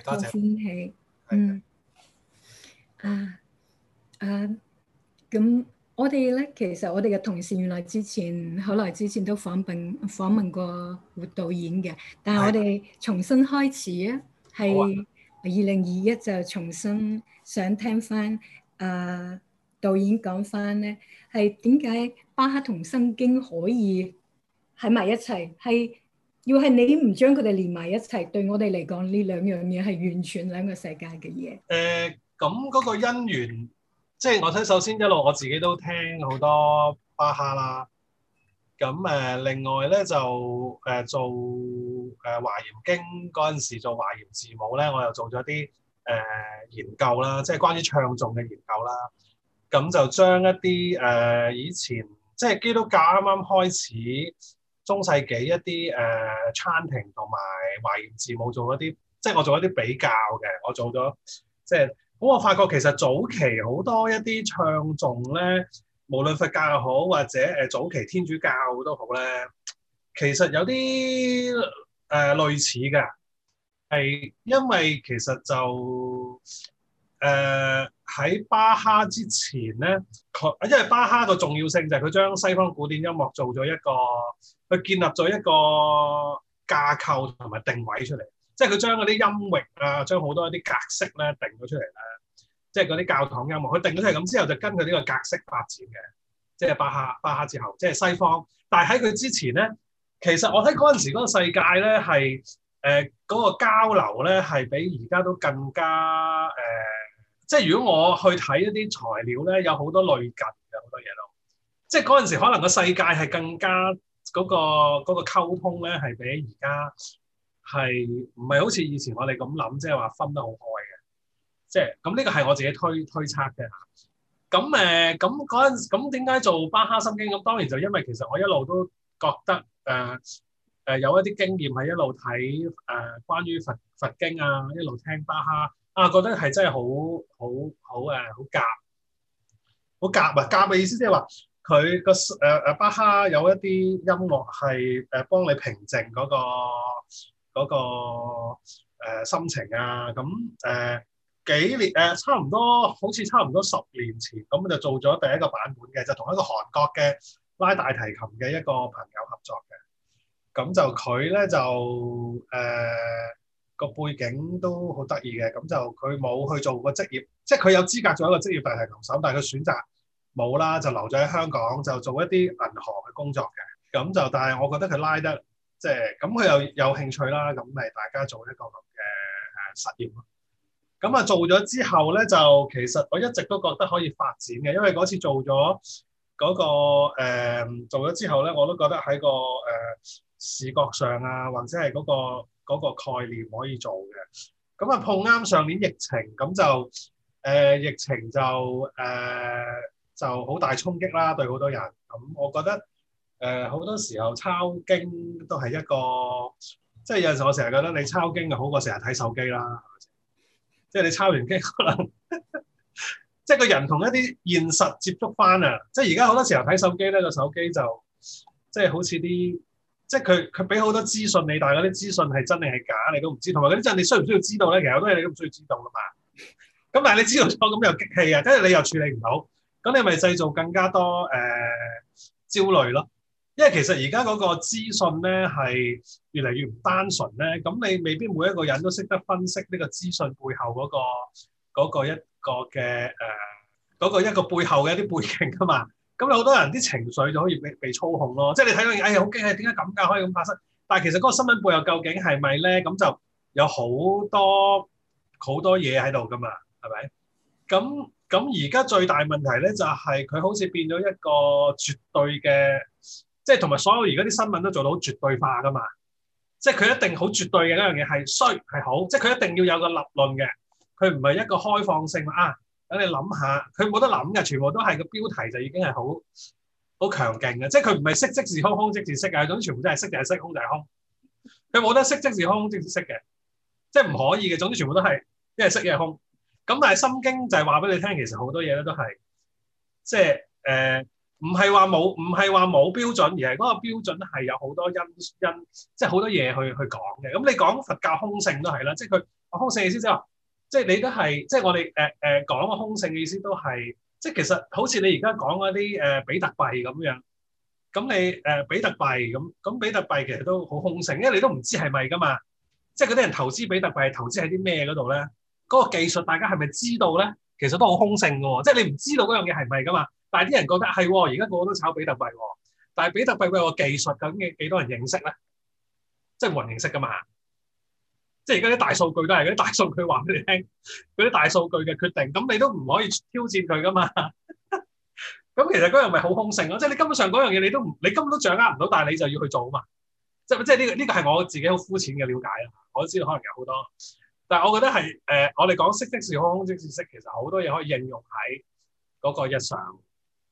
多謝。多謝，嗯啊的啊，咁、啊、我哋咧，其實我哋嘅同事原來之前好耐之前都訪問訪問過胡導演嘅，但係我哋重新開始啊，係二零二一就重新想聽翻啊導演講翻咧，係點解巴哈同心經可以喺埋一齊？係要係你唔將佢哋連埋一齊，對我哋嚟講，呢兩樣嘢係完全兩個世界嘅嘢。誒，咁嗰個因緣，即係我先首先一路我自己都聽好多巴哈啦。咁誒，另外咧就誒做誒華嚴經嗰陣時做華嚴字母咧，我又做咗啲誒研究啦，即係關於唱誦嘅研究啦。咁就將一啲誒以前即係基督教啱啱開始。中世紀一啲誒 chanting 同埋華嚴字母做一啲，即係我做一啲比較嘅，我做咗即係，咁、就是、我發覺其實早期好多一啲唱頌咧，無論佛教又好，或者誒、uh, 早期天主教都好咧，其實有啲誒、呃、類似嘅，係因為其實就。誒喺、uh, 巴哈之前咧，佢因為巴哈個重要性就係佢將西方古典音樂做咗一個，佢建立咗一個架構同埋定位出嚟，即係佢將嗰啲音域啊，將好多一啲格式咧定咗出嚟咧，即係嗰啲教堂音樂，佢定咗出嚟咁之後，就跟佢呢個格式發展嘅，即、就、係、是、巴哈，巴哈之後即係、就是、西方。但係喺佢之前咧，其實我睇嗰陣時嗰個世界咧係誒嗰個交流咧係比而家都更加誒。呃即係如果我去睇一啲材料咧，有好多類近嘅好多嘢咯。即係嗰陣時，可能個世界係更加嗰、嗰個嗰、嗰個、溝通咧，係比而家係唔係好似以前我哋咁諗，即係話分得好開嘅。即係咁，呢個係我自己推推測嘅嚇。咁誒，咁嗰陣咁點解做巴哈心經？咁當然就因為其實我一路都覺得誒誒、呃呃、有一啲經驗係一路睇誒、呃、關於佛佛經啊，一路聽巴哈。啊，覺得係真係好好好誒、啊，好夾，好夾啊。係夾嘅意思，即係話佢個誒誒巴哈有一啲音樂係誒、呃、幫你平靜嗰、嗰個嗰、嗰個呃、心情啊，咁誒、呃、幾年誒、呃、差唔多好似差唔多十年前咁就做咗第一個版本嘅，就同一個韓國嘅拉大提琴嘅一個朋友合作嘅，咁就佢咧就誒。呃個背景都好得意嘅，咁就佢冇去做個職業，即係佢有資格做一個職業大提琴手，但係佢選擇冇啦，就留咗喺香港，就做一啲銀行嘅工作嘅。咁就，但係我覺得佢拉得，即係咁佢又有興趣啦。咁係大家做一個咁嘅誒實驗咯。咁啊，做咗之後咧，就其實我一直都覺得可以發展嘅，因為嗰次做咗嗰、個、呃、做咗之後咧，我都覺得喺、個誒、呃、視覺上啊，或者係嗰、個。嗰個概念可以做嘅，咁啊碰啱上年疫情，咁就誒、呃、疫情就誒、呃、就好大衝擊啦，對好多人。咁我覺得誒好、呃、多時候抄經都係一個，即、就、係、是、有陣時我成日覺得你抄經就好過成日睇手機啦，即、就、係、是、你抄完經可能，即 係個人同一啲現實接觸翻啊，即係而家好多時候睇手機咧，個手機就即係、就是、好似啲。即係佢佢俾好多資訊你，但係嗰啲資訊係真定係假，你都唔知道。同埋嗰啲真，你需唔需要知道咧？其實好多嘢你都唔需要知道噶嘛。咁 但係你知道咗，咁又激氣啊！跟住你又處理唔到，咁你咪製造更加多誒、呃、焦慮咯。因為其實而家嗰個資訊咧係越嚟越唔單純咧，咁你未必每一個人都識得分析呢個資訊背後嗰個嗰個一個嘅誒嗰個一個背後嘅一啲背景噶嘛。咁有好多人啲情緒就可以被被操控咯，即係你睇到，哎，好驚啊！點解咁㗎？可以咁發生？但係其實嗰個新聞背後究竟係咪咧？咁就有好多好多嘢喺度㗎嘛，係咪？咁咁而家最大問題咧就係、是、佢好似變咗一個絕對嘅，即係同埋所有而家啲新聞都做到好絕對化㗎嘛，即係佢一定好絕對嘅一樣嘢係衰係好，即係佢一定要有個立論嘅，佢唔係一個開放性啊。等你諗下，佢冇得諗嘅，全部都係個標題就已經係好好強勁嘅，即係佢唔係色即是空，空即是色啊！總之全部都係色就係色，空就係空。佢冇得色即是空，空即是色嘅，即係唔可以嘅。總之全部都係一係色一係空。咁但係心經就係話俾你聽，其實好多嘢咧都係即係誒，唔係話冇唔係話冇標準，而係嗰個標準係有好多因因，即係好多嘢去去講嘅。咁你講佛教空性都係啦，即係佢空性意思。即係你都係，即係我哋誒誒講個空性嘅意思都係，即係其實好似你而家講嗰啲誒比特幣咁樣，咁、嗯、你誒、呃、比特幣咁，咁、嗯、比特幣其實都好空性，因為你都唔知係咪噶嘛，即係嗰啲人投資比特幣投資喺啲咩嗰度咧？嗰、嗰個技術大家係咪知道咧？其實都好空性嘅喎，即係你唔知道嗰樣嘢係咪係噶嘛？但係啲人覺得係喎，而家個個都炒比特幣喎，但係比特幣嘅技術究竟幾多人認識咧？即係冇人認識噶嘛？即係而家啲大數據都係啲大數據話俾你聽，嗰啲大數據嘅決定，咁你都唔可以挑戰佢㗎嘛？咁其實嗰樣咪好空性咯，即係你根本上嗰樣嘢你都唔，你根本都掌握唔到，但係你就要去做啊嘛。即係即係呢個呢個係我自己好膚淺嘅了解啊。我都知道可能有好多，但係我覺得係誒，我哋講色即是空，空即是色，其實好多嘢可以應用喺嗰個日常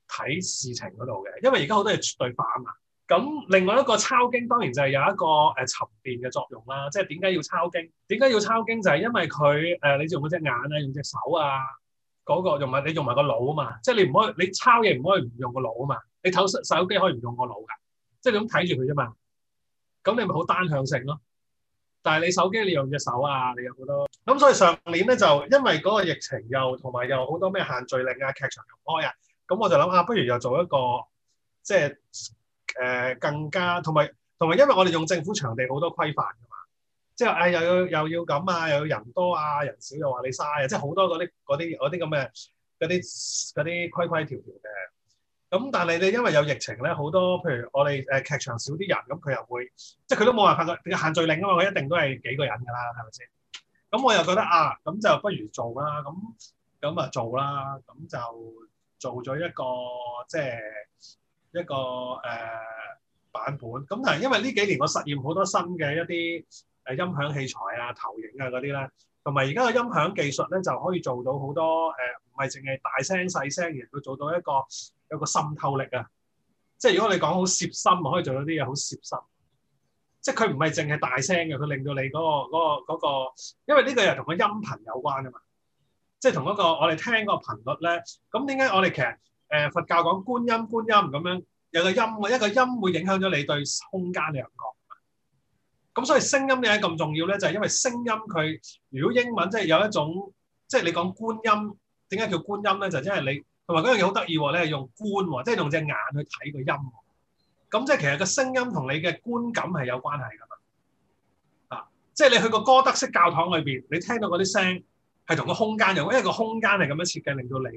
睇事情嗰度嘅，因為而家好多嘢絕對化啊嘛。咁另外一個抄經當然就係有一個誒沉澱嘅作用啦，即係點解要抄經？點解要抄經？就係、是、因為佢誒、呃，你用嗰隻眼咧，用隻手啊，嗰、那個用埋你用埋個腦啊嘛。即係你唔可以，你抄嘢唔可以唔用個腦啊嘛。你睇手機可以唔用個腦㗎，即係咁睇住佢啫嘛。咁你咪好單向性咯。但係你手機你用隻手啊，你有好多。咁所以上年咧就因為嗰個疫情又同埋又好多咩限聚令啊、劇場唔開啊，咁我就諗下、啊、不如又做一個即係。誒、呃，更加同埋同埋，因為我哋用政府場地好多規範噶嘛，即係誒，又要又要咁啊，又要人多啊，人少又話你嘥，即係好多嗰啲啲啲咁嘅嗰啲嗰啲規規條條嘅。咁但係你因為有疫情咧，好多譬如我哋誒劇場少啲人，咁佢又會，即係佢都冇辦法限聚令啊嘛，佢一定都係幾個人噶啦，係咪先？咁我又覺得啊，咁就不如做啦，咁咁啊做啦，咁就做咗一個即係。就是一個誒、呃、版本咁，但係因為呢幾年我實驗好多新嘅一啲誒音響器材啊、投影啊嗰啲咧，同埋而家嘅音響技術咧，就可以做到好多誒，唔係淨係大聲細聲，而係做到一個有個滲透力啊！即係如果你講好攝心，可以做到啲嘢好攝心，即係佢唔係淨係大聲嘅，佢令到你嗰個嗰個嗰個，因為呢個又同個音頻有關啊嘛，即係同嗰個我哋聽個頻率咧。咁點解我哋其實？誒佛教講觀音觀音咁樣有個音，一個音會影響咗你對空間嘅感覺。咁所以聲音咧，點解咁重要咧？就係、是、因為聲音佢如果英文即係有一種即係、就是、你講觀音，點解叫觀音咧？就即、是、係你同埋嗰樣嘢好得意你咧，係用觀即係、就是、用隻眼去睇個音。咁即係其實個聲音同你嘅觀感係有關係噶嘛。啊，即、就、係、是、你去個歌德式教堂裏邊，你聽到嗰啲聲係同個空間有，因為個空間係咁樣設計令到你。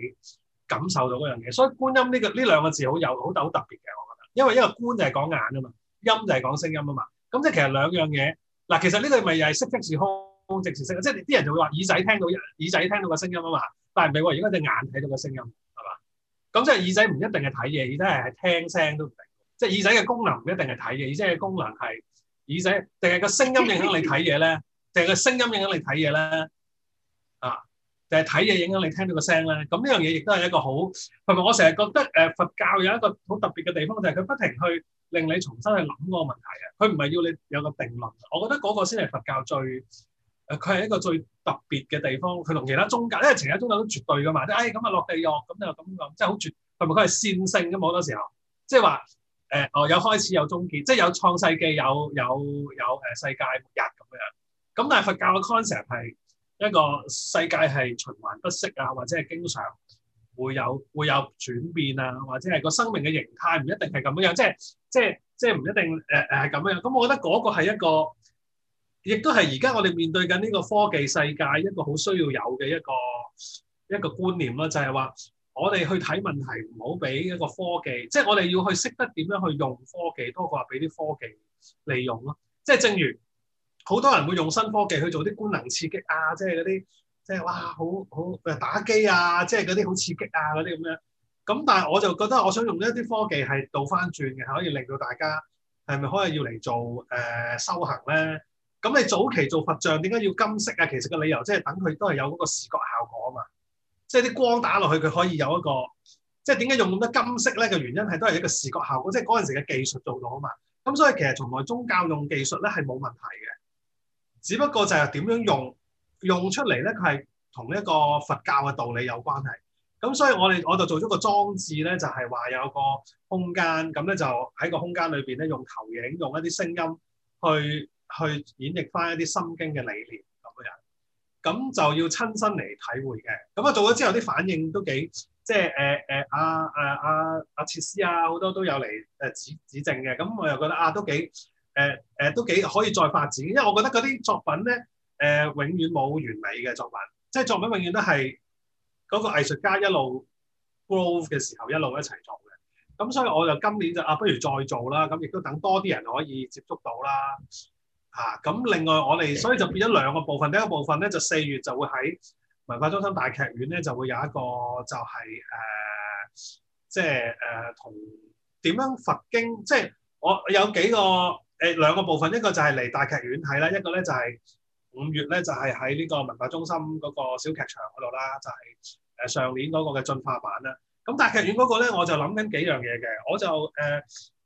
感受到嗰樣嘢，所以觀音呢、這個呢兩個字好有好好特別嘅，我覺得，因為一個觀就係講眼啊嘛，音就係講聲音啊嘛，咁即係其實兩樣嘢嗱，其實呢個咪又係色即是空，即是色，即係啲人就會話耳仔聽到耳仔聽到個聲音啊嘛，但係唔係喎，而家隻眼睇到個聲音係嘛，咁即係耳仔唔一定係睇嘢，耳仔係聽聲都唔定，即係耳仔嘅功能唔一定係睇嘢，耳仔嘅功能係耳仔定係個聲音影響你睇嘢咧，定係個聲音影響你睇嘢咧啊？誒睇嘢影響你聽到個聲咧，咁呢樣嘢亦都係一個好。同埋我成日覺得誒、呃、佛教有一個好特別嘅地方，就係、是、佢不停去令你重新去諗嗰個問題嘅。佢唔係要你有個定論。我覺得嗰個先係佛教最，佢、呃、係一個最特別嘅地方。佢同其他宗教，因為其他宗教都絕對噶嘛，即係誒咁啊落地獄咁就咁講，即係好絕。同埋佢係線性噶嘛，好多時候即係話誒，哦有開始有終結，即係有創世紀有有有誒、呃、世界末日咁樣。咁但係佛教嘅 concept 係。一個世界係循環不息啊，或者係經常會有會有轉變啊，或者係個生命嘅形態唔一定係咁樣，即係即係即係唔一定誒誒係咁樣。咁，嗯，我覺得嗰個係一個，亦都係而家我哋面對緊呢個科技世界一個好需要有嘅一個一個觀念啦。就係，是，話我哋去睇問題唔好俾一個科技，即係我哋要去識得點樣去用科技，多過話俾啲科技利用咯。即係正如。好多人會用新科技去做啲官能刺激啊，即係嗰啲即係哇好好誒打機啊，即係嗰啲好刺激啊嗰啲咁樣。咁但係我就覺得我想用一啲科技係倒翻轉嘅，係可以令到大家係咪可以要嚟做誒、呃、修行咧？咁你早期做佛像點解要金色啊？其實個理由即係等佢都係有嗰個視覺效果啊嘛，即係啲光打落去佢可以有一個即係點解用咁多金色咧？嘅原因係都係一個視覺效果，即係嗰陣時嘅技術做到啊嘛。咁所以其實從來宗教用技術咧係冇問題嘅。只不過就係點樣用用出嚟咧？佢係同一個佛教嘅道理有關係。咁所以我哋我就做咗個裝置咧，就係、是、話有個空間，咁咧就喺個空間裏邊咧，用投影、用一啲聲音去去演繹翻一啲心經嘅理念咁嘅樣。咁就要親身嚟體會嘅。咁啊做咗之後啲反應都幾即係誒誒阿阿阿阿設施啊，好、啊啊啊啊啊啊啊、多都有嚟誒指指證嘅。咁、啊、我又覺得啊，都幾～誒誒、呃，都幾可以再發展，因為我覺得嗰啲作品咧，誒、呃、永遠冇完美嘅作品，即係作品永遠都係嗰個藝術家一路 grow 嘅時候一路一齊做嘅，咁所以我就今年就啊不如再做啦，咁亦都等多啲人可以接觸到啦，吓、啊、咁另外我哋所以就變咗兩個部分，第一個部分咧就四月就會喺文化中心大劇院咧就會有一個就係、是、誒、呃、即係誒同點樣佛經，即係我有幾個。誒兩個部分，一個就係嚟大劇院睇啦，一個咧就係五月咧就係喺呢個文化中心嗰個小劇場嗰度啦，就係誒上年嗰個嘅進化版啦。咁大劇院嗰個咧，我就諗緊幾樣嘢嘅，我就誒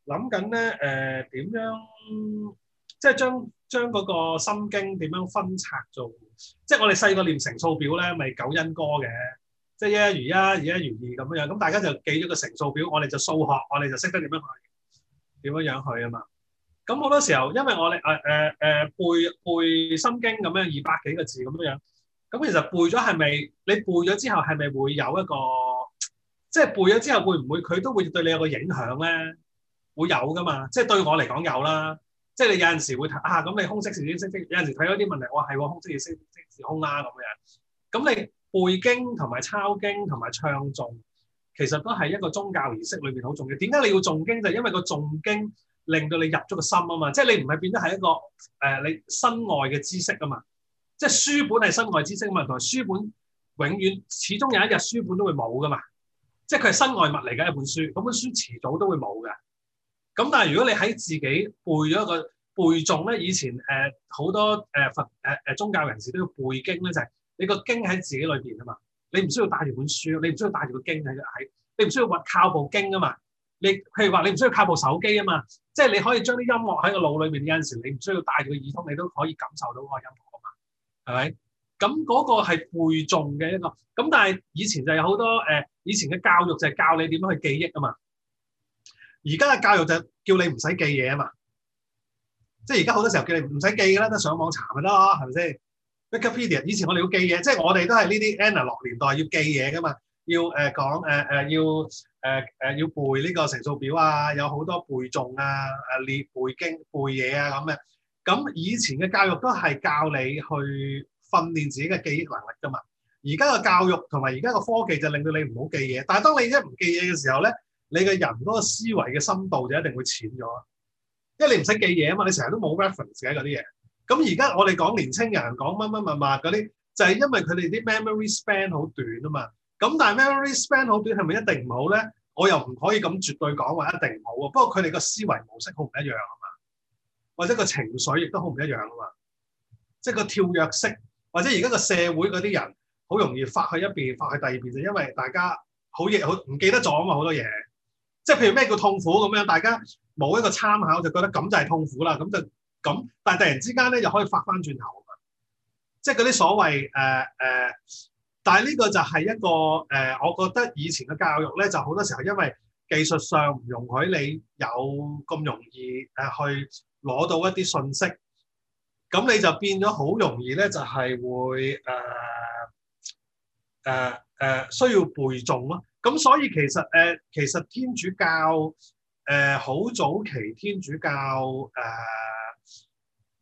諗緊咧誒點樣，即係將將嗰個心經點樣分拆做，即係我哋細個念乘數表咧，咪九因歌嘅，即係一一如一，二一如二咁樣樣，咁大家就記咗個乘數表，我哋就數學，我哋就識得點樣去，點樣樣去啊嘛～咁好多時候，因為我哋誒誒誒背背心經咁樣，二百幾個字咁樣樣，咁其實背咗係咪？你背咗之後係咪會有一個？即係背咗之後會唔會佢都會對你有個影響咧？會有噶嘛？即係對我嚟講有啦。即係你有陣時會睇啊，咁你空色時先色色，有陣時睇咗啲問題，哇係喎，空色要色色自空啦咁樣。咁你背經同埋抄經同埋唱誦，其實都係一個宗教儀式裏面好重要。點解你要誦經？就因為個誦經。令到你入咗個心啊嘛，即係你唔係變咗係一個誒、呃、你身外嘅知識啊嘛，即係書本係身外知識啊嘛，同埋書本永遠始終有一日書本都會冇噶嘛，即係佢係身外物嚟嘅一本書，嗰本書遲早都會冇嘅。咁但係如果你喺自己背咗個背誦咧，以前誒好、呃、多誒佛誒誒宗教人士都要背經咧，就係、是、你個經喺自己裏邊啊嘛，你唔需要帶住本書，你唔需要帶住個經喺喺，你唔需要話靠部經啊嘛。你譬如話你唔需要靠部手機啊嘛，即係你可以將啲音樂喺個腦裏面，有陣時你唔需要帶住個耳筒，你都可以感受到嗰個音樂啊嘛，係咪？咁、那、嗰個係背誦嘅一個，咁但係以前就有好多誒、呃，以前嘅教育就係教你點樣去記憶啊嘛，而家嘅教育就叫你唔使記嘢啊嘛，即係而家好多時候叫你唔使記啦，都上網查咪得咯，係咪先？Wikipedia，以前我哋要記嘢，即係我哋都係呢啲 analogue 年代要記嘢噶嘛。要誒講誒誒要誒誒、呃、要背呢個乘數表啊，有好多背誦啊，誒列背經背嘢啊咁嘅。咁以前嘅教育都係教你去訓練自己嘅記憶能力㗎嘛。而家嘅教育同埋而家嘅科技就令到你唔好記嘢。但係當你一唔記嘢嘅時候咧，你嘅人嗰個思維嘅深度就一定會淺咗，因為你唔使記嘢啊嘛，你成日都冇 reference 嘅嗰啲嘢。咁而家我哋講年青人講乜乜乜乜嗰啲，就係、是、因為佢哋啲 memory span 好短啊嘛。咁但係 memory span 好短，係咪一定唔好咧？我又唔可以咁絕對講話一定唔好喎。不過佢哋個思維模式好唔一樣啊嘛，或者個情緒亦都好唔一樣啊嘛。即係個跳躍式，或者而家個社會嗰啲人好容易發去一邊，發去第二邊就因為大家好易好唔記得咗啊嘛，好多嘢。即係譬如咩叫痛苦咁樣，大家冇一個參考就覺得咁就係痛苦啦。咁就咁，但係突然之間咧又可以發翻轉頭啊嘛。即係嗰啲所謂誒誒。呃呃但係呢個就係一個誒、呃，我覺得以前嘅教育咧，就好多時候因為技術上唔容許你有咁容易誒、呃、去攞到一啲信息，咁你就變咗好容易咧，就係、是、會誒誒誒需要背誦咯。咁所以其實誒、呃、其實天主教誒好、呃、早期天主教誒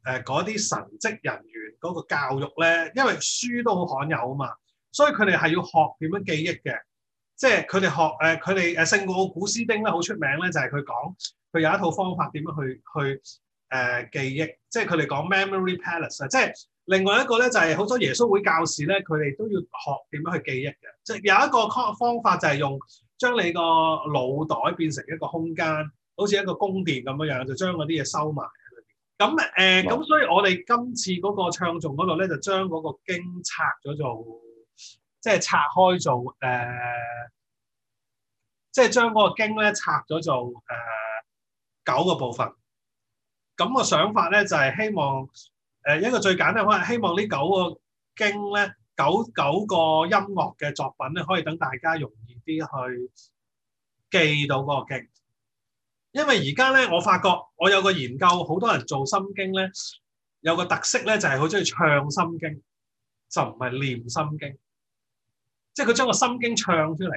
誒嗰啲神職人員嗰個教育咧，因為書都好罕有啊嘛。所以佢哋係要學點樣記憶嘅，即係佢哋學誒，佢哋誒聖奧古斯丁咧好出名咧，就係佢講佢有一套方法點樣去去誒記憶，即係佢哋講 memory palace 啊，即係另外一個咧就係好多耶穌會教士咧，佢哋都要學點樣去記憶嘅，即係有一個方法就係用將你個腦袋變成一個空間，好似一個宮殿咁樣樣，就將嗰啲嘢收埋喺裏邊。咁誒，咁所以我哋今次嗰個唱頌嗰度咧，就將嗰個經拆咗做。即係拆開做誒、呃，即係將嗰個經咧拆咗做誒、呃、九個部分。咁個想法咧就係、是、希望誒一個最簡單可能希望呢九個經咧九九個音樂嘅作品咧可以等大家容易啲去記到嗰個經。因為而家咧我發覺我有個研究，好多人做心經咧有個特色咧就係好中意唱心經，就唔係念心經。即係佢將個心經唱出嚟，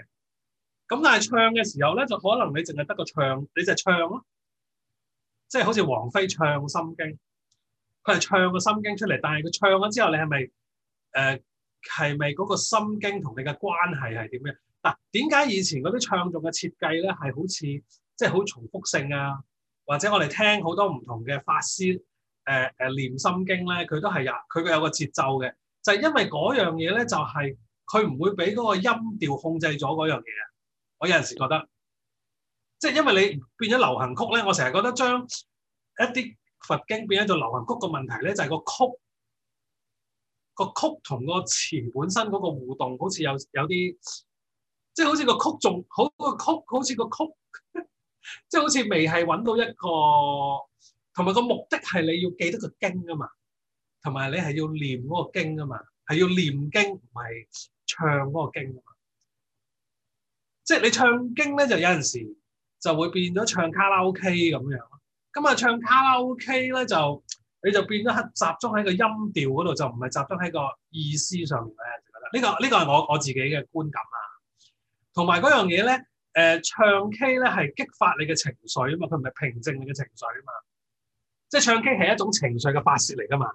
咁但係唱嘅時候咧，就可能你淨係得個唱，你就唱咯，即係好似王菲唱心經，佢係唱個心經出嚟。但係佢唱咗之後，你係咪誒係咪嗰個心經同你嘅關係係點樣？嗱、啊，點解以前嗰啲唱作嘅設計咧係好似即係好重複性啊？或者我哋聽好多唔同嘅法師誒誒唸心經咧，佢都係啊，佢個有個節奏嘅，就係、是、因為嗰樣嘢咧就係、是。佢唔會俾嗰個音調控制咗嗰樣嘢啊！我有陣時覺得，即係因為你變咗流行曲咧，我成日覺得將一啲佛經變咗做流行曲個問題咧，就係個曲，個曲同個詞本身嗰個互動，好似有有啲即係好似個曲仲好個曲， 好似個曲即係好似未係揾到一個，同埋個目的係你要記得個經啊嘛，同埋你係要念嗰個經啊嘛，係要念經唔係。唱嗰個經吖嘛，即係你唱經咧，就有陣時就會變咗唱卡拉 OK 咁樣咯。咁啊，唱卡拉 OK 咧就你就變咗集中喺個音調嗰度，就唔係集中喺個意思上面咧。就覺得呢、呢個呢、呢個係我我自己嘅觀感啊。同埋嗰樣嘢咧，誒、呃、唱 K 咧係激發你嘅情緒啊嘛，佢唔係平靜你嘅情緒啊嘛。即係唱 K 係一種情緒嘅發泄嚟㗎嘛。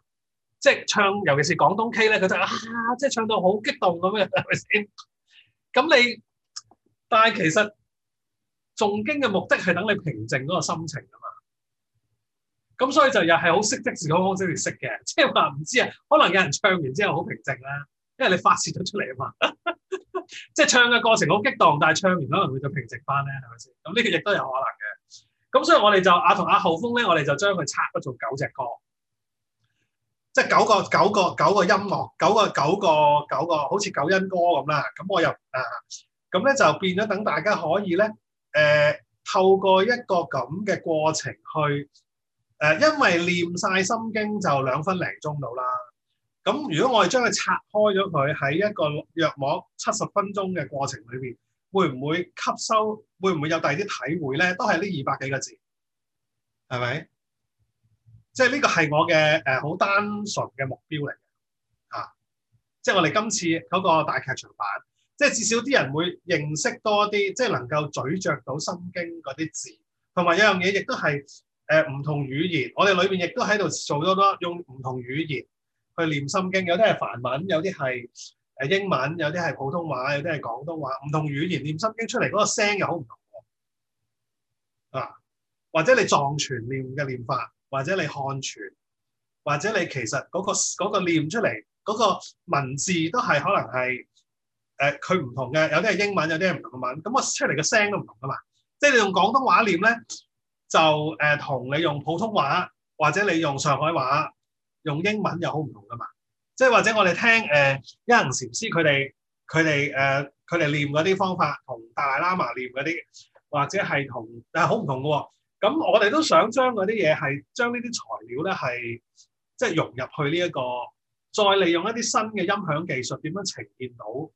即係唱，尤其是廣東 K 咧，佢就啊，即、就、係、是、唱到好激動咁嘅，係咪先？咁你，但係其實誦經嘅目的係等你平靜嗰個心情啊嘛。咁所以就又係好識即自己方式嚟識嘅，即係話唔知啊，可能有人唱完之後好平靜啦、啊，因為你發泄咗出嚟啊嘛。即 係唱嘅過程好激動，但係唱完可能會再平靜翻咧，係咪先？咁呢個亦都有可能嘅。咁所以我哋就阿同阿浩峰咧，我哋就將佢拆咗做九隻歌。即係九個九個九個音樂，九個九個九個，好似九恩歌咁啦。咁我又啊，咁咧就變咗等大家可以咧，誒、呃、透過一個咁嘅過程去誒、呃，因為唸晒心經就兩分零鐘到啦。咁如果我哋將佢拆開咗佢喺一個約莫七十分鐘嘅過程裏邊，會唔會吸收？會唔會有第二啲體會咧？都係呢二百幾個字，係咪？即係呢個係我嘅誒好單純嘅目標嚟嘅，啊！即係我哋今次嗰個大劇場版，即係至少啲人會認識多啲，即係能夠咀嚼到心經嗰啲字，同埋有樣嘢亦都係誒唔同語言。我哋裏面亦都喺度做咗好多用唔同語言去念心經，有啲係梵文，有啲係誒英文，有啲係普通話，有啲係廣東話，唔同語言念心經出嚟嗰個聲又好唔同啊！或者你撞全念嘅念法。或者你漢傳，或者你其實嗰、那個那個念出嚟嗰、那個文字都係可能係誒佢唔同嘅，有啲係英文，有啲係唔同嘅文，咁我出嚟嘅聲都唔同噶嘛。即係你用廣東話念咧，就誒同、呃、你用普通話或者你用上海話用英文又好唔同噶嘛。即係或者我哋聽誒、呃、一行禪師佢哋佢哋誒佢哋唸嗰啲方法，同大喇嘛念嗰啲，或者係、呃、同啊好唔同嘅喎。咁我哋都想將嗰啲嘢係將呢啲材料咧係即係融入去呢、這、一個，再利用一啲新嘅音響技術，點樣呈現到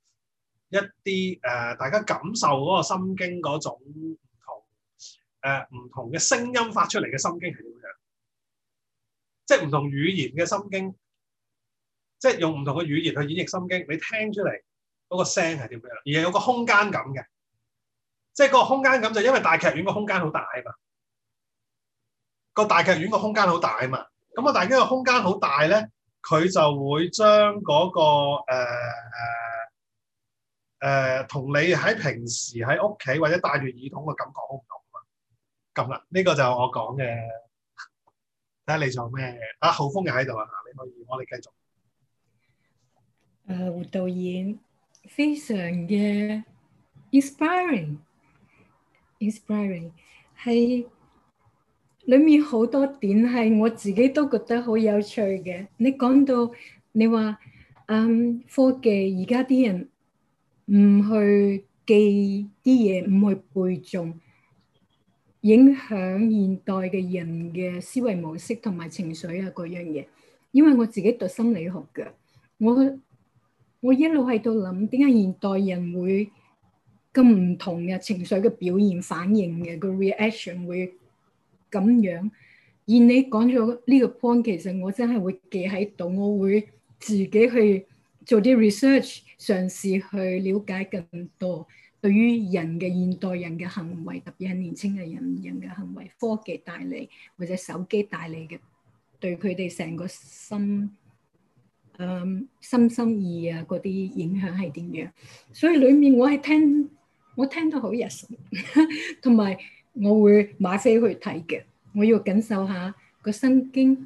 一啲誒、呃、大家感受嗰個心經嗰種唔同誒唔、呃、同嘅聲音發出嚟嘅心經係點樣？即係唔同語言嘅心經，即、就、係、是、用唔同嘅語言去演繹心經，你聽出嚟嗰、那個聲係點樣？而係有個空間感嘅，即、就、係、是、個空間感就因為大劇院個空間好大啊嘛～個大劇院個空間好大啊嘛，咁啊，但因為空間好大咧，佢就會將嗰個誒誒誒同你喺平時喺屋企或者戴住耳筒嘅感覺好唔同啊嘛，咁啦，呢個就我講嘅。睇下你做咩？啊，浩峰又喺度啊，你可以我哋繼續。誒，導演非常嘅 inspiring，inspiring 喺、hey.。裏面好多點係我自己都覺得好有趣嘅。你講到你話，嗯，科技而家啲人唔去記啲嘢，唔去背誦，影響現代嘅人嘅思維模式同埋情緒啊嗰樣嘢。因為我自己讀心理學嘅，我我一路喺度諗點解現代人會咁唔同嘅情緒嘅表現反應嘅個 reaction 會。咁樣，而你講咗呢個 point，其實我真係會記喺度，我會自己去做啲 research，嘗試去了解更多對於人嘅現代人嘅行為，特別係年輕嘅人，人嘅行為，科技帶嚟或者手機帶嚟嘅對佢哋成個心，嗯，心心意啊嗰啲影響係點樣？所以裡面我係聽，我聽到好入神，同 埋。我會馬飛去睇嘅，我要感受下個心經，誒、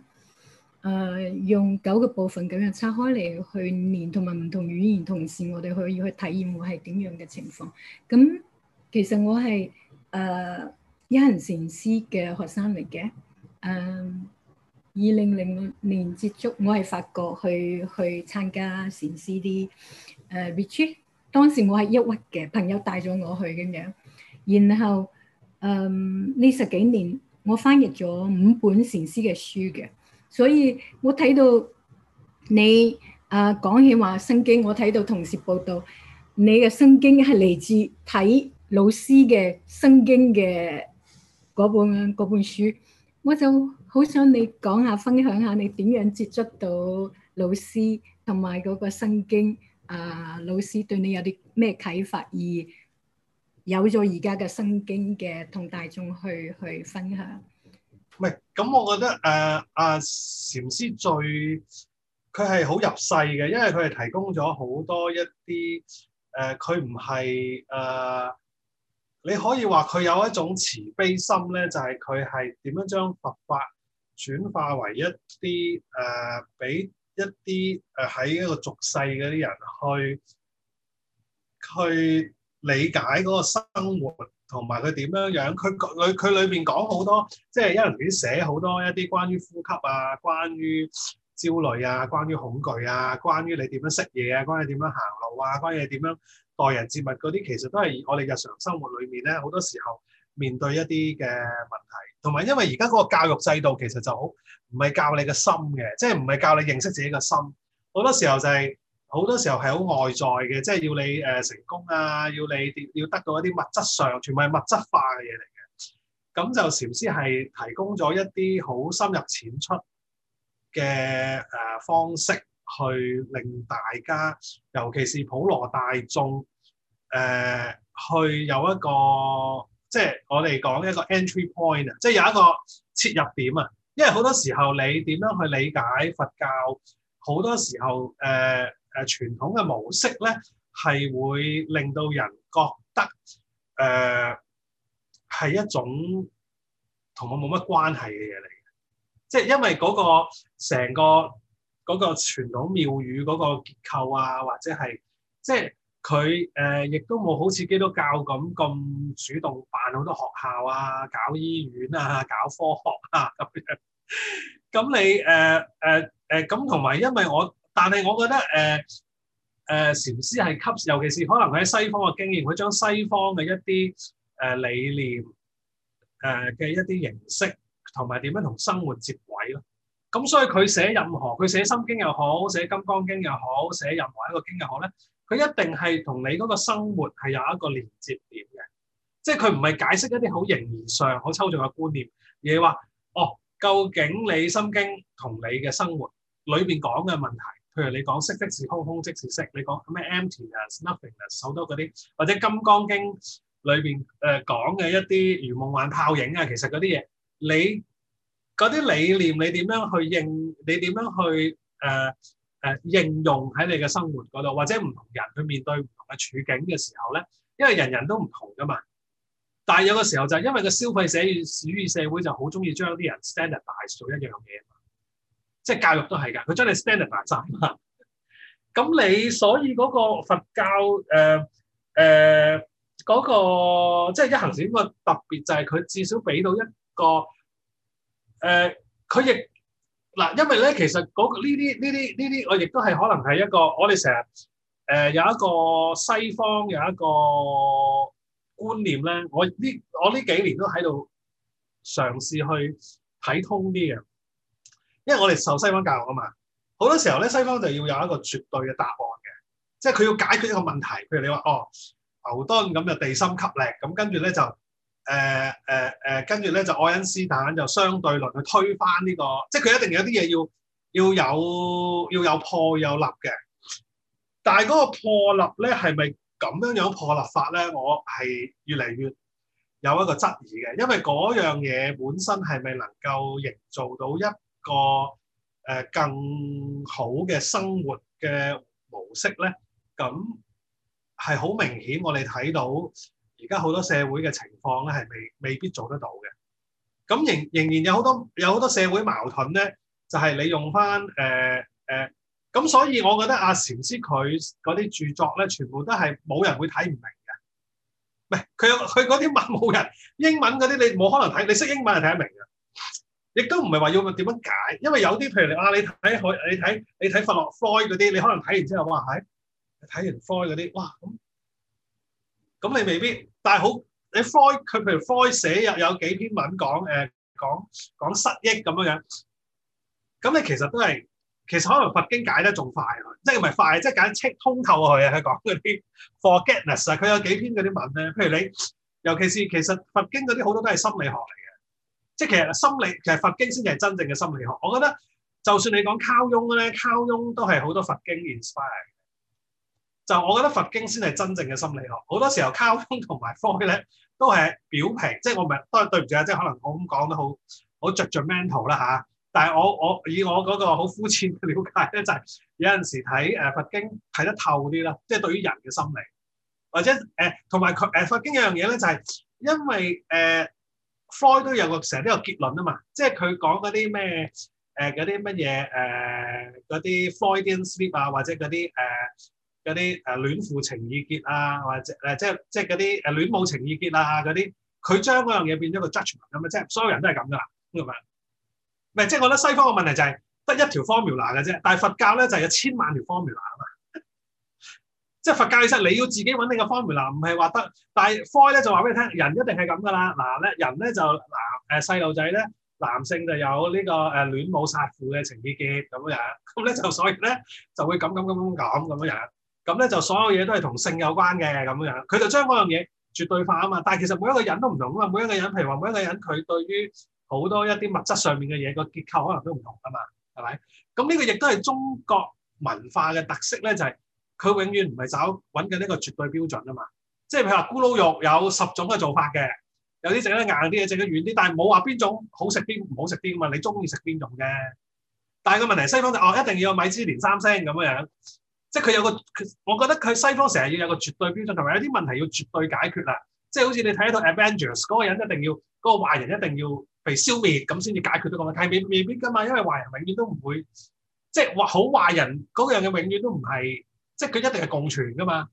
呃，用九個部分咁樣拆開嚟去念，同埋唔同語言同時，我哋可以去體驗會係點樣嘅情況。咁、嗯、其實我係誒、呃、一行禪師嘅學生嚟嘅，誒、呃，二零零年接觸，我係法國去去參加禪師啲誒 retreat 當時我係抑鬱嘅，朋友帶咗我去咁樣，然後。嗯，呢、um, 十幾年我翻譯咗五本禪師嘅書嘅，所以我睇到你啊講起話《心經》，我睇到同事報道你嘅《心經》係嚟自睇老師嘅《心經》嘅嗰本嗰本書，我就好想你講下分享下你點樣接觸到老師同埋嗰個《心經》啊，老師對你有啲咩啟發而？有咗而家嘅心經嘅，同大眾去去分享。唔係咁，我覺得誒阿禪師最佢係好入世嘅，因為佢係提供咗好多一啲誒，佢唔係誒，你可以話佢有一種慈悲心咧，就係佢係點樣將佛法轉化為一啲誒，俾、呃、一啲誒喺一個俗世嗰啲人去去。理解嗰個生活同埋佢點樣樣，佢佢佢裏面講好多，即係一林你寫好多一啲關於呼吸啊，關於焦慮啊，關於恐懼啊，關於你點樣食嘢啊，關於點樣行路啊，關於點樣待人接物嗰啲，其實都係我哋日常生活裏面咧，好多時候面對一啲嘅問題，同埋因為而家嗰個教育制度其實就好唔係教你嘅心嘅，即係唔係教你認識自己嘅心，好多時候就係。好多時候係好外在嘅，即係要你誒成功啊，要你要得到一啲物質上，全部係物質化嘅嘢嚟嘅。咁就禪師係提供咗一啲好深入淺出嘅誒方式，去令大家，尤其是普羅大眾誒，去有一個即係我哋講一個 entry point，即係有一個切入點啊。因為好多時候你點樣去理解佛教，好多時候誒。誒傳統嘅模式咧，係會令到人覺得誒係、呃、一種同我冇乜關係嘅嘢嚟嘅，即係因為嗰、嗰個成個嗰、嗰個傳統廟宇嗰個結構啊，或者係即係佢誒亦都冇好似基督教咁咁主動辦好多學校啊，搞醫院啊，搞科學啊咁樣。咁你誒誒誒咁同埋，呃呃、因為我但係我覺得誒誒禪師係吸，尤其是可能佢喺西方嘅經驗，佢將西方嘅一啲誒理念誒嘅一啲形式，同埋點樣同生活接軌咯。咁所以佢寫任何佢寫心經又好，寫金剛經又好，寫任何一個經又好咧，佢一定係同你嗰個生活係有一個連接點嘅，即係佢唔係解釋一啲好形而上、好抽象嘅觀念，而係話哦，究竟你心經同你嘅生活裏邊講嘅問題。譬如你講色即是空，空即是色；你講咩 emptiness、nothingness，好多嗰啲，或者《金剛經》裏邊誒講嘅一啲如夢幻泡影啊，其實嗰啲嘢，你嗰啲理念，你點樣去應？你點樣去誒誒應用喺你嘅生活嗰度，或者唔同人去面對唔同嘅處境嘅時候咧？因為人人都唔同㗎嘛，但係有個時候就係因為個消費者主義社會就好鍾意將啲人 standardize 做一樣嘢。即係教育都係㗎，佢將你 standard 埋曬啊嘛。咁你所以嗰個佛教誒誒嗰個即係一行禪嗰個，特別就係佢至少俾到一個誒，佢亦嗱，因為咧其實嗰呢啲呢啲呢啲，我亦都係可能係一個我哋成日誒有一個西方有一個觀念咧，我呢我呢幾年都喺度嘗試去睇通啲嘅。因為我哋受西方教育啊嘛，好多時候咧，西方就要有一個絕對嘅答案嘅，即係佢要解決一個問題。譬如你話哦，牛頓咁就地心吸力，咁跟住咧就誒誒誒，跟住咧就愛因斯坦就相對論去推翻呢個，即係佢一定有啲嘢要要有要有破要有立嘅。但係嗰個破立咧係咪咁樣樣破立法咧？我係越嚟越有一個質疑嘅，因為嗰樣嘢本身係咪能夠營造到一個誒更好嘅生活嘅模式咧，咁係好明顯，我哋睇到而家好多社會嘅情況咧，係未未必做得到嘅。咁仍仍然有好多有好多社會矛盾咧，就係、是、你用翻誒誒，咁、呃呃、所以我覺得阿禪師佢嗰啲著作咧，全部都係冇人會睇唔明嘅。唔係佢佢嗰啲文冇人英文嗰啲，你冇可能睇，你識英文就睇得明嘅。亦都唔係話要點樣解，因為有啲譬如啊，你睇可你睇你睇佛洛弗伊嗰啲，你可能睇完之後哇，係睇完弗伊嗰啲哇，咁咁你未必，但係好你弗伊佢譬如弗伊寫有有幾篇文講誒講講失憶咁樣樣，咁你其實都係其實可能佛經解得仲快啊，即係唔係快，即係解清通透佢啊佢講嗰啲 forgetness 啊，佢有幾篇嗰啲文咧，譬如你尤其是其實佛經嗰啲好多都係心理學嚟。即係其實心理其實佛經先係真正嘅心理學，我覺得就算你講溝湧咧，溝湧都係好多佛經 inspire 嘅。就我覺得佛經先係真正嘅心理學，好多時候溝湧同埋科學咧都係表皮，即係我咪當然對唔住啊，即係可能我咁講得好好着重 mental 啦嚇。但係我我以我嗰個好膚淺嘅了解咧，就係、是、有陣時睇誒佛經睇得透啲啦，即、就、係、是、對於人嘅心理或者誒同埋佢誒佛經有樣嘢咧，就係、是、因為誒。呃 Floyd 都有個成日都有結論啊嘛，即係佢講嗰啲咩誒嗰啲乜嘢誒嗰啲 Freudian slip 啊，或者嗰啲誒嗰啲誒戀父情意結啊，或者誒、呃、即係即係嗰啲誒戀母情意結啊嗰啲，佢將嗰樣嘢變咗個 judgment 咁啊，即係所有人都係咁噶啦，明白？唔係即係我覺得西方嘅問題就係得一條 formula 嘅啫，但係佛教咧就係、是、有千萬條 formula。即係佛教其實你要自己穩定個方門啦，唔係話得，但係科 h i 咧就話俾你聽，人一定係咁噶啦。嗱咧，人咧就男誒細路仔咧，男性就有呢、這個誒戀、啊、母殺父嘅情結咁樣，咁咧就所以咧就會咁咁咁咁咁咁樣樣，咁咧就所有嘢都係同性有關嘅咁樣樣。佢就將嗰樣嘢絕對化啊嘛，但係其實每一個人都唔同啊嘛，每一個人譬如話每一個人佢對於好多一啲物質上面嘅嘢，個結構可能都唔同啊嘛，係咪？咁呢個亦都係中國文化嘅特色咧，就係、是。佢永遠唔係找揾緊呢個絕對標準啊嘛，即係譬如話咕嚕肉有十種嘅做法嘅，有啲整得硬啲，有啲整得軟啲，但係冇話邊種好食啲唔好食啲啊嘛，你中意食邊種嘅？但係個問題西方就係、哦一定要有米芝蓮三星咁樣樣，即係佢有個，我覺得佢西方成日要有個絕對標準，同埋有啲問題要絕對解決啦。即係好似你睇到 Avengers 嗰個人一定要嗰、嗰個壞人一定要被消滅咁先至解決得到個問題，未未必噶嘛，因為壞人永遠都唔會即係話好壞人嗰樣嘅永遠都唔係。即係佢一定係共存噶嘛，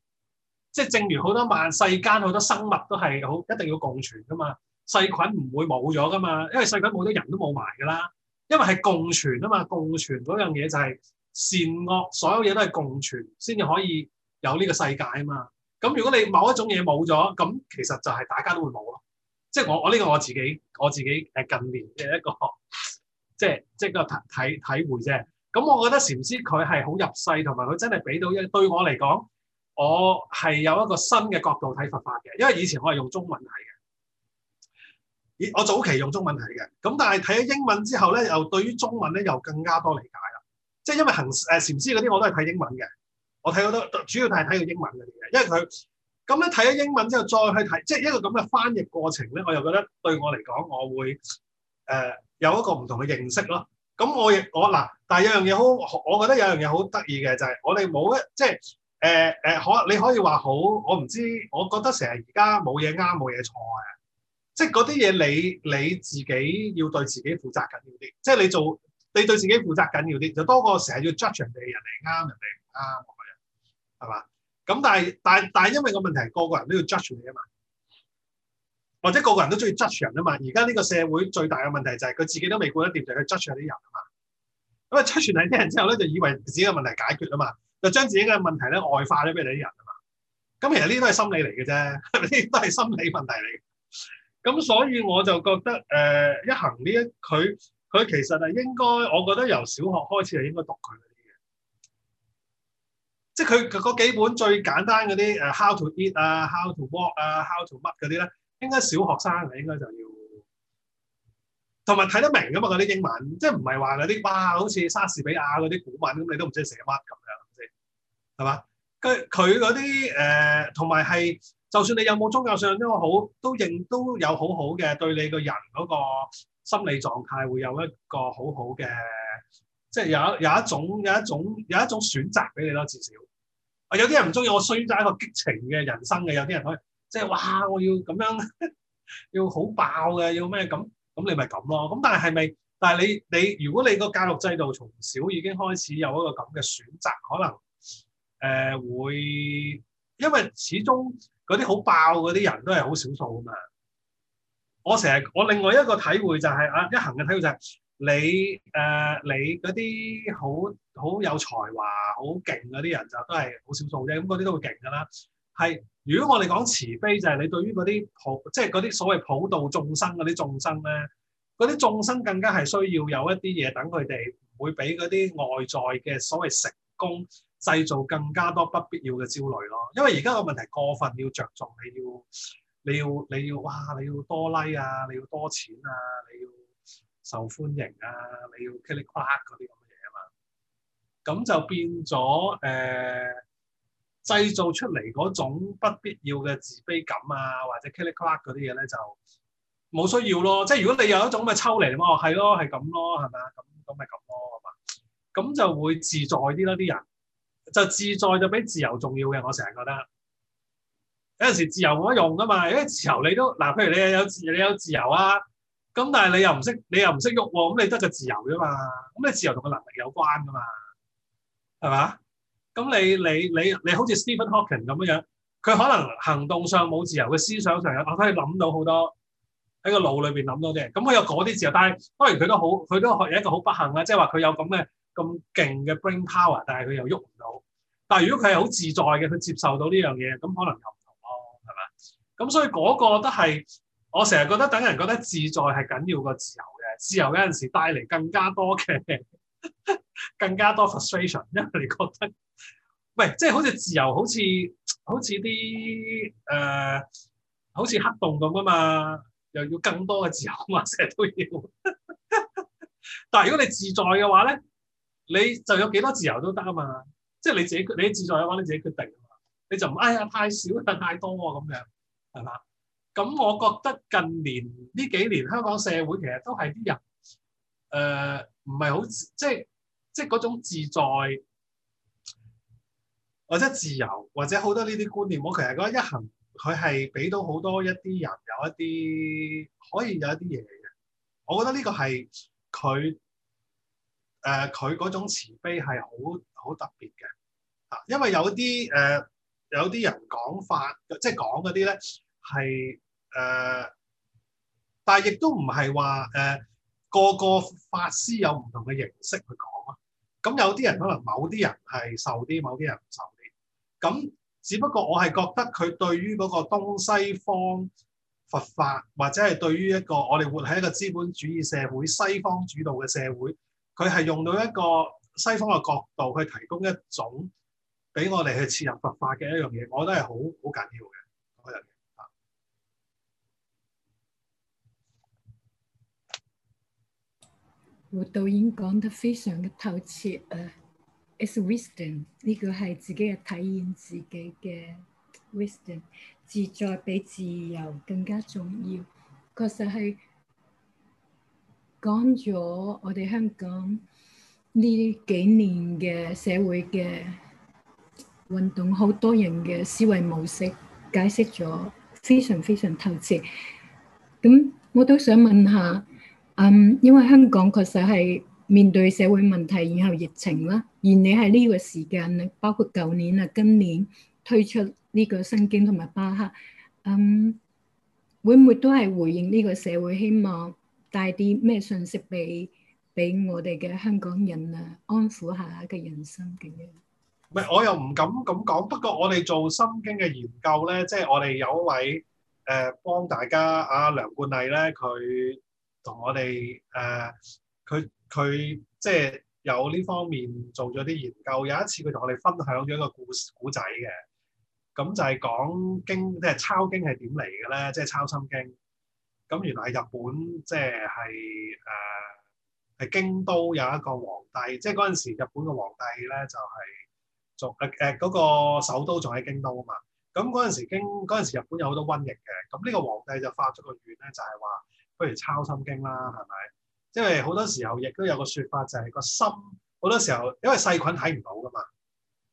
即係正如好多萬世間好多生物都係好一定要共存噶嘛，細菌唔會冇咗噶嘛，因為細菌冇咗人都冇埋噶啦，因為係共存啊嘛，共存嗰樣嘢就係善惡所有嘢都係共存先至可以有呢個世界啊嘛，咁如果你某一種嘢冇咗，咁其實就係大家都會冇咯，即係我我呢個我自己我自己誒近年嘅一個即係即係個體體體會啫。咁，我覺得禪師佢係好入世，同埋佢真係俾到一對我嚟講，我係有一個新嘅角度睇佛法嘅。因為以前我係用中文睇嘅，我早期用中文睇嘅。咁但係睇咗英文之後咧，又對於中文咧又更加多理解啦。即係因為行誒禪師嗰啲我都係睇英文嘅，我睇好多主要係睇佢英文嗰啲嘅，因為佢咁咧睇咗英文之後，再去睇即係一個咁嘅翻譯過程咧，我又覺得對我嚟講，我會誒、呃、有一個唔同嘅認識咯。咁我亦我嗱，但係有樣嘢好，我覺得有樣嘢好得意嘅就係我哋冇一即係誒誒，可你可以話好。我唔知，我覺得成日而家冇嘢啱，冇嘢錯嘅，即係嗰啲嘢你你，你自己要對自己負責緊要啲，即係你做你對自己負責緊要啲，就多過成日要 judge 人哋人哋啱人哋唔啱我個人係嘛？咁但係但係但係因為個問題，係個個人都要 judge 你啊嘛。或者個個人都中意 judge 人啊嘛，而家呢個社會最大嘅問題就係佢自己都未顧得掂，就是、去 judge 啲人啊嘛。咁啊 judge 啲人之後咧，就以為自己嘅問題解決啊嘛，就將自己嘅問題咧外化咗俾你啲人啊嘛。咁、嗯、其實呢啲都係心理嚟嘅啫，係咪先？呢啲都係心理問題嚟。咁、嗯、所以我就覺得誒、呃，一行呢一佢，佢其實係應該，我覺得由小學開始係應該讀佢嗰啲嘢，即係佢嗰幾本最簡單嗰啲誒，how to eat 啊，how to walk 啊，how to 乜嗰啲咧。應該小學生，你應該就要同埋睇得明噶嘛嗰啲英文，即係唔係話嗰啲哇，好似莎士比亞嗰啲古文咁，你都唔知寫乜咁樣，係嘛？佢佢嗰啲誒，同埋係就算你有冇宗教信仰都好，都認都有好好嘅，對你個人嗰個心理狀態會有一個好好嘅，即係有有一種有一種有一種，有一種選擇俾你咯。至少啊，有啲人唔中意我，需要一個激情嘅人生嘅，有啲人可以。即係哇！我要咁樣，要好爆嘅，要咩咁咁？你咪咁咯。咁但係係咪？但係你你，如果你個教育制度從小已經開始有一個咁嘅選擇，可能誒、呃、會，因為始終嗰啲好爆嗰啲人都係好少數啊嘛。我成日我另外一個體會就係、是、啊，一行嘅體會就係你誒，你嗰啲好好有才華、好勁嗰啲人就都係好少數啫。咁嗰啲都會勁㗎啦。係，如果我哋講慈悲，就係你對於嗰啲普，即係嗰啲所謂普度眾生嗰啲眾生咧，嗰啲眾生更加係需要有一啲嘢等佢哋，唔會俾嗰啲外在嘅所謂成功製造更加多不必要嘅焦慮咯。因為而家個問題過分要着重，你要你要你要哇，你要多拉 i 啊，你要多錢啊，你要受歡迎啊，你要噼里啪啦嗰啲咁嘅嘢啊嘛，咁就變咗誒。製造出嚟嗰種不必要嘅自卑感啊，或者 clicker 嗰啲嘢咧，就冇需要咯。即係如果你有一種咁嘅抽離嘅話，係咯，係咁咯，係咪啊？咁咁咪咁咯，係嘛？咁就會自在啲咯，啲人就自在就比自由重要嘅。我成日覺得有陣時自由冇得用噶嘛，因為自由你都嗱，譬如你又有你有自由啊，咁但係你又唔識你又唔識喐喎，咁你得個自由啫嘛，咁你自由同個能力有關噶嘛，係嘛？咁你你你你好似 Stephen Hawking 咁樣，佢可能行動上冇自由，佢思想上有，我可以諗到好多喺個腦裏邊諗到嘅。咁佢有嗰啲自由，但係當然佢都好，佢都有一個好不幸咧，即係話佢有咁嘅咁勁嘅 brain power，但係佢又喐唔到。但係如果佢係好自在嘅，佢接受到呢樣嘢，咁可能又唔同咯，係咪？咁所以嗰個都係我成日覺得等人覺得自在係緊要過自由嘅，自由有陣時帶嚟更加多嘅更加多 frustration，因為你覺得。喂，即係好似自由，好似好似啲誒，好似、呃、黑洞咁啊嘛，又要更多嘅自由啊嘛，成日都要。 但係如果你自在嘅話咧，你就有幾多自由都得啊嘛，即係你自己，你自在嘅話，你自己決定啊嘛，你就唔哎呀太少定太多啊咁樣，係嘛？咁我覺得近年呢幾年香港社會其實都係啲人誒，唔係好即係即係嗰種自在。或者自由，或者好多呢啲觀念，我其實覺得一行佢係俾到好多一啲人有一啲可以有一啲嘢嘅。我覺得呢個係佢誒佢嗰種慈悲係好好特別嘅啊，因為有啲誒、呃、有啲人講法，即係講嗰啲咧係誒，但係亦都唔係話誒個個法師有唔同嘅形式去講咯。咁有啲人可能某啲人係受啲，某啲人唔受。咁，只不過我係覺得佢對於嗰個東西方佛法，或者係對於一個我哋活喺一個資本主義社會、西方主導嘅社會，佢係用到一個西方嘅角度去提供一種俾我哋去切入佛法嘅一樣嘢，我覺得係好好緊要嘅嗰樣嘢。我導演胡導演講得非常嘅透徹啊！It's 是 wisdom 呢個係自己嘅體驗，自己嘅 wisdom 自在比自由更加重要。確實係講咗我哋香港呢幾年嘅社會嘅運動，好多人嘅思維模式解釋咗非常非常透徹。咁我都想問下，嗯，因為香港確實係。面對社會問題，然後疫情啦，而你喺呢個時間，包括舊年啊、今年推出呢個心經同埋巴赫，嗯，會唔會都係回應呢個社會，希望帶啲咩信息俾俾我哋嘅香港人啊，安撫下嘅人心嘅嘢？唔係，我又唔敢咁講。不過我哋做心經嘅研究咧，即係我哋有一位誒幫大家阿梁冠麗咧，佢同我哋誒佢。佢即係有呢方面做咗啲研究，有一次佢同我哋分享咗一個故、故事，古仔嘅，咁就係講經，即係抄經係點嚟嘅咧？即係抄心經。咁原來係日本，即係誒係京都有一個皇帝，即係嗰陣時日本嘅皇帝咧，就係仲誒誒嗰個首都仲喺京都啊嘛。咁嗰陣時京嗰陣時日本有好多瘟疫嘅，咁呢個皇帝就發咗個願咧，就係話不如抄心經啦，係咪？因為好多時候亦都有個説法，就係個心好多時候，因為細菌睇唔到噶嘛，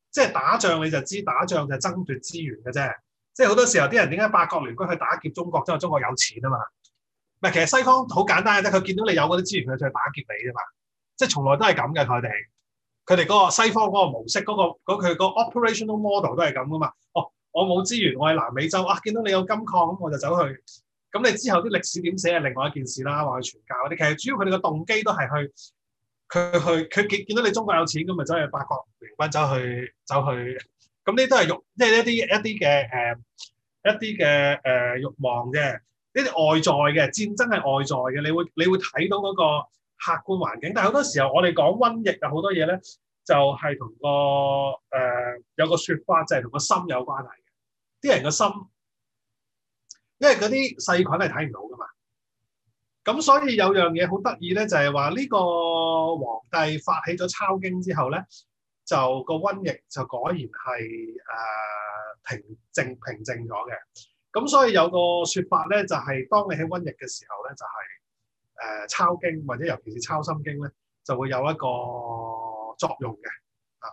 即係打仗你就知，打仗就爭奪資源嘅啫。即係好多時候啲人點解八國聯軍去打劫中國，因為中國有錢啊嘛。唔係，其實西方好簡單嘅啫，佢見到你有嗰啲資源，佢就去打劫你吖嘛。即係從來都係咁嘅佢哋，佢哋嗰個西方嗰個模式，嗰、個嗰佢、個 operational model 都係咁噶嘛。哦，我冇資源，我喺南美洲啊，見到你有金礦咁，我就走去。咁你之後啲歷史點寫係另外一件事啦，話去傳教嗰啲，其實主要佢哋個動機都係去佢去佢見見到你中國有錢咁，咪走去八國聯軍走去走去，咁呢、嗯、都係、呃、欲，即係一啲一啲嘅誒一啲嘅誒慾望啫。呢啲外在嘅戰爭係外在嘅，你會你會睇到嗰個客觀環境。但係好多時候我哋講瘟疫有好多嘢咧，就係、是、同個誒、呃、有個説法就係、是、同個心有關係嘅，啲人嘅心。因為嗰啲細菌係睇唔到噶嘛，咁所以有樣嘢好得意咧，就係話呢個皇帝發起咗抄經之後咧，就個瘟疫就果然係誒、呃、平靜平靜咗嘅。咁所以有個説法咧，就係、是、當你喺瘟疫嘅時候咧，就係、是、誒、呃、抄經或者尤其是抄心經咧，就會有一個作用嘅。啊，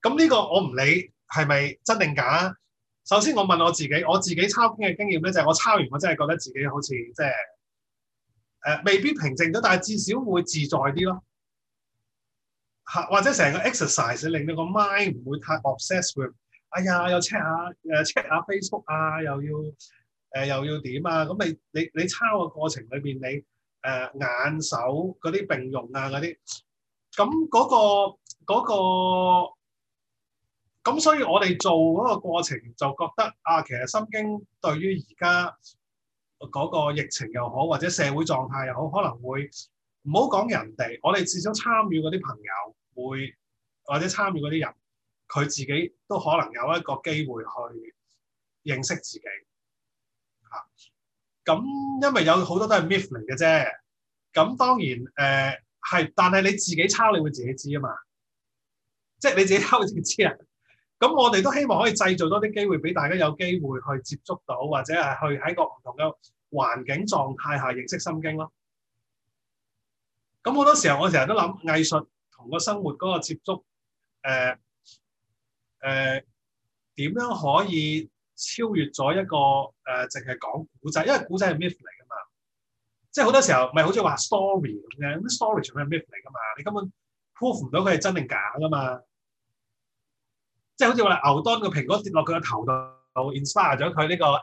咁呢個我唔理係咪真定假。首先我問我自己，我自己抄經嘅經驗咧，就係我抄完我真係覺得自己好似即係誒未必平靜到，但係至少會自在啲咯。嚇，或者成個 exercise 令到個 mind 唔會太 obsess with，哎呀，又 check 下誒 check 下 Facebook 啊，又要誒、呃、又要點啊，咁你你你抄嘅過程裏邊你誒、呃、眼手嗰啲並用啊嗰啲，咁嗰個嗰個。那個咁所以我哋做嗰個過程就覺得啊，其實心經對於而家嗰個疫情又好，或者社會狀態又好，可能會唔好講人哋，我哋至少參與嗰啲朋友會或者參與嗰啲人，佢自己都可能有一個機會去認識自己嚇。咁、啊、因為有好多都係 myth 嚟嘅啫。咁當然誒係、呃，但係你自己抄，你會自己知啊嘛。即係你自己抄，會自己知啊。咁我哋都希望可以製造多啲機會，俾大家有機會去接觸到，或者係去喺個唔同嘅環境狀態下認識《心經》咯。咁好多時候，我成日都諗藝術同個生活嗰個接觸，誒誒點樣可以超越咗一個誒，淨係講古仔，因為古仔係 myth 嚟噶嘛。即係好多時候，咪好似話 story 噉樣，啲 story 全部係 myth 嚟噶嘛，你根本 prove 唔到佢係真定假噶嘛。即係好似話牛頓個蘋果跌落佢個頭度，inspire 咗佢呢個誒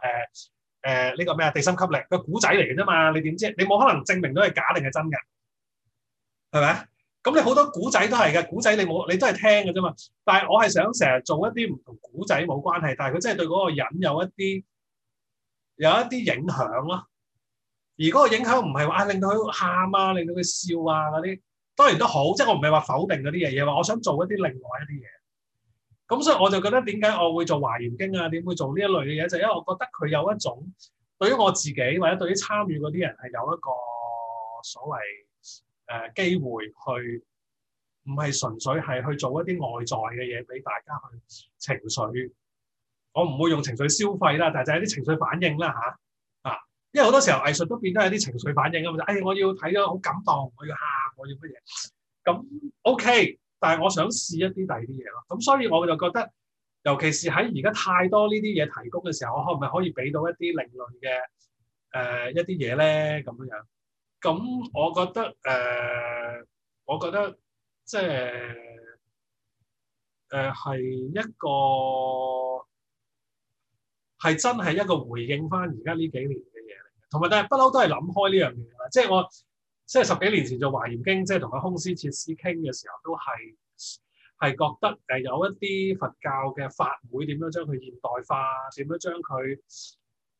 誒呢個咩地心吸力個古仔嚟嘅啫嘛，你點知？你冇可能證明到係假定係真㗎，係咪啊？咁你好多古仔都係嘅，古仔你冇你都係聽嘅啫嘛。但係我係想成日做一啲唔同古仔冇關係，但係佢真係對嗰個人有一啲有一啲影響咯。而嗰個影響唔係話令到佢喊啊，令到佢笑啊嗰啲，當然都好。即係我唔係話否定嗰啲嘢嘢，我我想做一啲另外一啲嘢。咁所以我就覺得點解我會做華嚴經啊？點會做呢一類嘅嘢？就係，因為我覺得佢有一種對於我自己或者對於參與嗰啲人係有一個所謂誒、呃、機會去，唔係純粹係去做一啲外在嘅嘢俾大家去情緒。我唔會用情緒消費啦，但係就係啲情緒反應啦吓啊！因為好多時候藝術都變得係啲情緒反應咁就係，哎，我要睇咗好感動，我要喊，我要乜嘢？咁 OK。但係我想試一啲第二啲嘢咯，咁所以我就覺得，尤其是喺而家太多呢啲嘢提供嘅時候，我可唔可以俾到一啲另類嘅誒、呃、一啲嘢咧？咁樣樣，咁我覺得誒、呃，我覺得即係誒係一個係真係一個回應翻而家呢幾年嘅嘢嚟嘅。同埋但係不嬲都係諗開呢樣嘢啦，即係我。即係十幾年前做華嚴經，即係同佢空師、徹師傾嘅時候，都係係覺得誒，有一啲佛教嘅法會，點樣將佢現代化，點樣將佢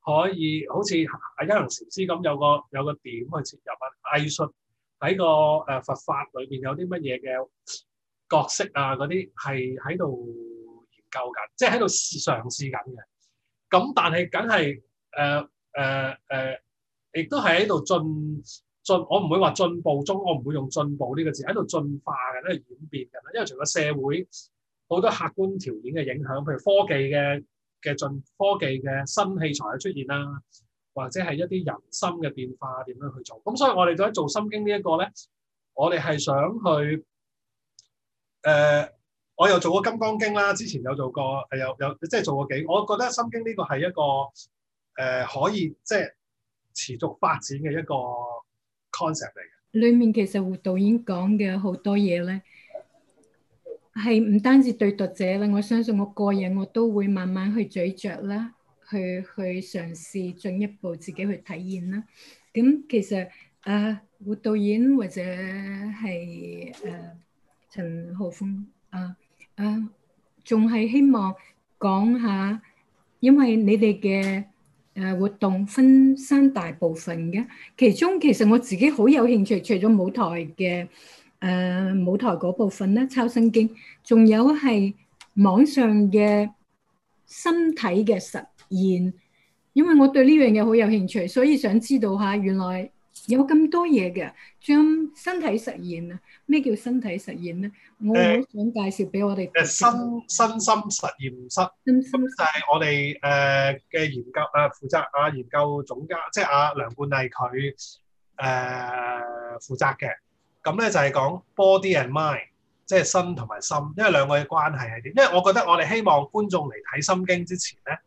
可以好似阿一行禪師咁有個有個點去切入啊？藝術喺個誒、呃、佛法裏邊有啲乜嘢嘅角色啊？嗰啲係喺度研究緊，即係喺度嘗試緊嘅。咁但係梗係誒誒誒，亦、呃呃呃、都係喺度進。進，我唔會話進步中，我唔會用進步呢個字，喺度進化嘅，喺度演變嘅啦。因為除咗社會好多客觀條件嘅影響，譬如科技嘅嘅進，科技嘅新器材嘅出現啦，或者係一啲人心嘅變化點樣去做。咁所以我哋都喺做心經呢一個咧，我哋係想去，誒、呃，我又做過《金剛經》啦，之前有做過，誒，有有即係做過幾，我覺得心經呢個係一個誒、呃、可以即係、就是、持續發展嘅一個。concept 嚟嘅。裏面其實胡導演講嘅好多嘢咧，係唔單止對讀者啦，我相信我個人我都會慢慢去咀嚼啦，去去嘗試進一步自己去體驗啦。咁其實誒胡導演或者係誒陳浩峰啊啊，仲係希望講下，因為你哋嘅。誒活動分三大部分嘅，其中其實我自己好有興趣，除咗舞台嘅誒、呃、舞台嗰部分咧，抄心經，仲有係網上嘅身體嘅實驗，因為我對呢樣嘢好有興趣，所以想知道下原來。有咁多嘢嘅，將身體實驗啊，咩叫身體實驗咧？我好想介紹俾我哋誒身身心實驗室，咁就係我哋誒嘅研究誒、啊、負責啊，研究總監即係阿梁冠麗佢誒、啊、負責嘅。咁咧就係講 body and mind，即係身同埋心，因為兩個嘅關係係點？因為我覺得我哋希望觀眾嚟睇《心經》之前咧。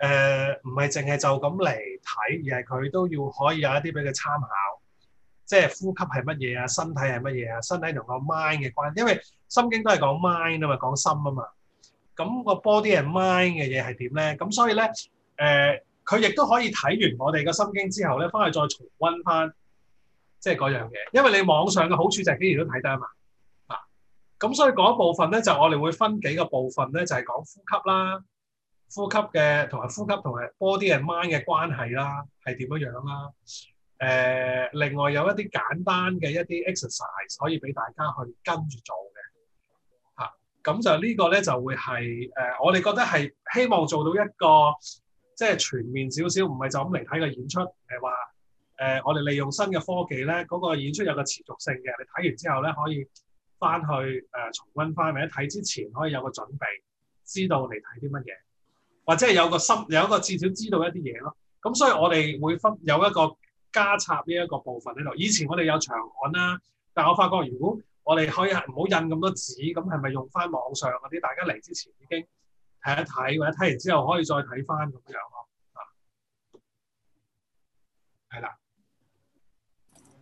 誒唔係淨係就咁嚟睇，而係佢都要可以有一啲俾佢參考，即係呼吸係乜嘢啊？身體係乜嘢啊？身體同個 mind 嘅關係，因為心經都係講 mind 啊嘛，講心啊嘛。咁個 body 係 mind 嘅嘢係點咧？咁所以咧，誒佢亦都可以睇完我哋個心經之後咧，翻去再重温翻即係嗰樣嘢。因為你網上嘅好處就係幾時都睇得啊嘛。嗱，咁所以嗰一部分咧就我哋會分幾個部分咧，就係講呼吸啦。呼吸嘅同埋呼吸同埋 body and mind 嘅關係啦，係點樣樣啦？誒，另外有一啲簡單嘅一啲 exercise 可以俾大家去跟住做嘅吓。咁、啊、就、這個、呢個咧就會係誒、呃，我哋覺得係希望做到一個即係、就是、全面少少，唔係就咁嚟睇個演出。誒話誒，我哋利用新嘅科技咧，嗰、那個演出有個持續性嘅，你睇完之後咧可以翻去誒、呃、重温翻，或者睇之前可以有個準備，知道嚟睇啲乜嘢。或者係有個心，有一個至少知道一啲嘢咯。咁所以我哋會分有一個加插呢一個部分喺度。以前我哋有場刊啦，但我發覺如果我哋可以唔好印咁多紙，咁係咪用翻網上嗰啲？大家嚟之前已經睇一睇，或者睇完之後可以再睇翻咁樣咯。啊，係啦。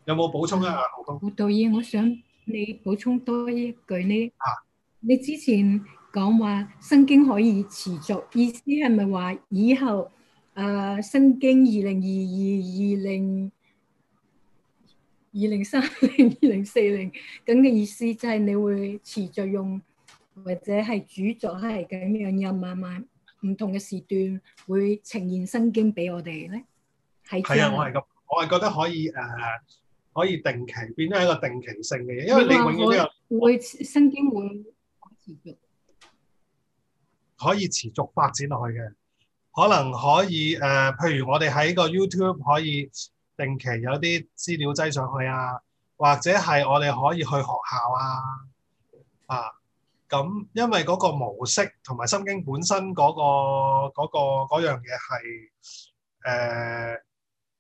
有冇補充啊？胡導演，我想你補充多一句呢。啊，你之前。講話心經可以持續，意思係咪話以後誒心、呃、經二零二二、二零二零三零、二零四零咁嘅意思，就係你會持續用，或者係主作係咁樣，又慢慢唔同嘅時段會呈現心經俾我哋咧？係係啊，我係咁我係覺得可以誒、呃，可以定期變咗係一個定期性嘅嘢，因為你永遠都有會心我經會持續。可以持續發展落去嘅，可能可以誒、呃，譬如我哋喺個 YouTube 可以定期有啲資料擠上去啊，或者係我哋可以去學校啊，啊咁，因為嗰個模式同埋心經本身嗰、個嗰、個、樣嘢係誒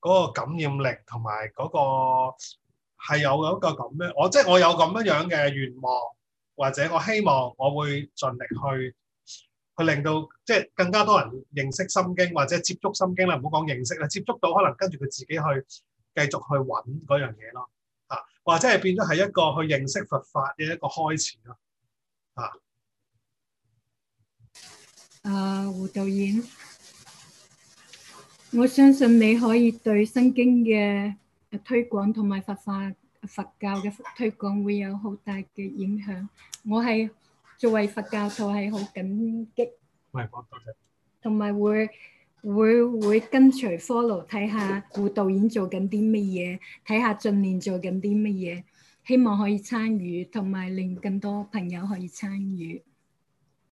嗰個感染力同埋嗰個係有嗰個咁樣，我即係、即係、我有咁樣樣嘅願望，或者我希望我會盡力去。佢令到即係更加多人認識心經，或者接觸心經啦。唔好講認識啦，接觸到可能跟住佢自己去繼續去揾嗰樣嘢咯。啊，或者係變咗係一個去認識佛法嘅一個開始咯。啊，誒，胡導演，我相信你可以對心經嘅誒推廣同埋佛法佛教嘅推廣會有好大嘅影響。我係。作為佛教徒就係好感激，同埋 會會會跟隨 follow 睇下胡導演做緊啲乜嘢，睇下進念做緊啲乜嘢，希望可以參與，同埋令更多朋友可以參與。